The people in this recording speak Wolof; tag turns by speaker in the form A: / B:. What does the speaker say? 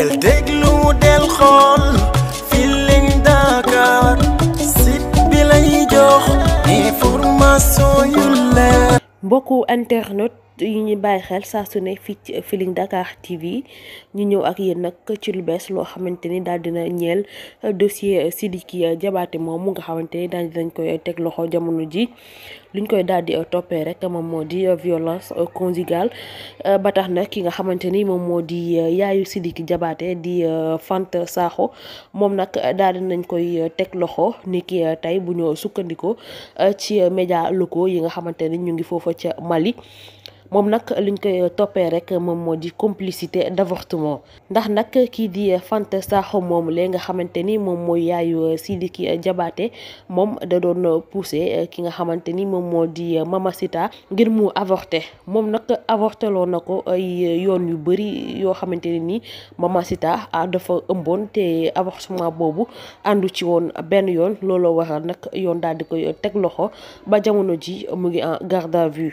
A: del déglu del xool Feeling
B: Dakar site bi lay jox information internet yi ñuy bàyyi xel saa su ne fii ci Feeling Dakar TV ñu ñëw ak yéen nag ci lu bees loo xamante ni daal dina ñeel dossier Sidiki Diabaté moom mu nga xamante ni daal dinañ koy teg loxo jamono ji liñ koy daal di toppee rek moom moo di violence conjugale ba tax nag ki nga xamante ni moom moo di yaayu Sidiki jabaate di euh, Fanta Sakho moom nag daal nañ koy teg loxo ni ki euh, tey bu ñu sukkandiku euh, ci média locaux yi nga xamante ni ñu ngi foofu ca Mali. moom nag liñ koy toppee rek moom moo di complicité d'avortement ndax nag kii di Fanta Sakho moom lee nga xamante ni moom mooy yaayu Sidiki jabaate moom da doon poussé ki nga xamante ni moom moo di Mamacita ngir mu avorté moom nag avorté loo na ko ay yoon yu bëri yoo xamante ne ni Mamacita dafa ëmboon te avortement boobu àndu ci woon benn yoon looloo waral nag yoon daal di koy teg loxo ba jamono ji mu ngi en garde à vue